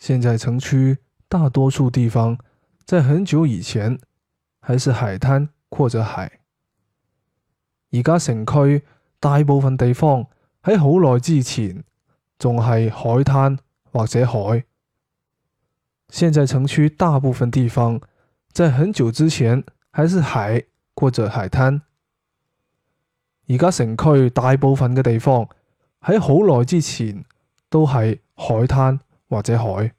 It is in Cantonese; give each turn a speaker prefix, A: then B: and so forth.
A: 現在城區大多數地方，在很久以前還是海灘或者海。而家城區大部分地方喺好耐之前仲係海灘或者海。現在城區大部分地方在很久之前還是海或者海灘。而家城區大部分嘅地方喺好耐之前都係海灘。
B: 或者海。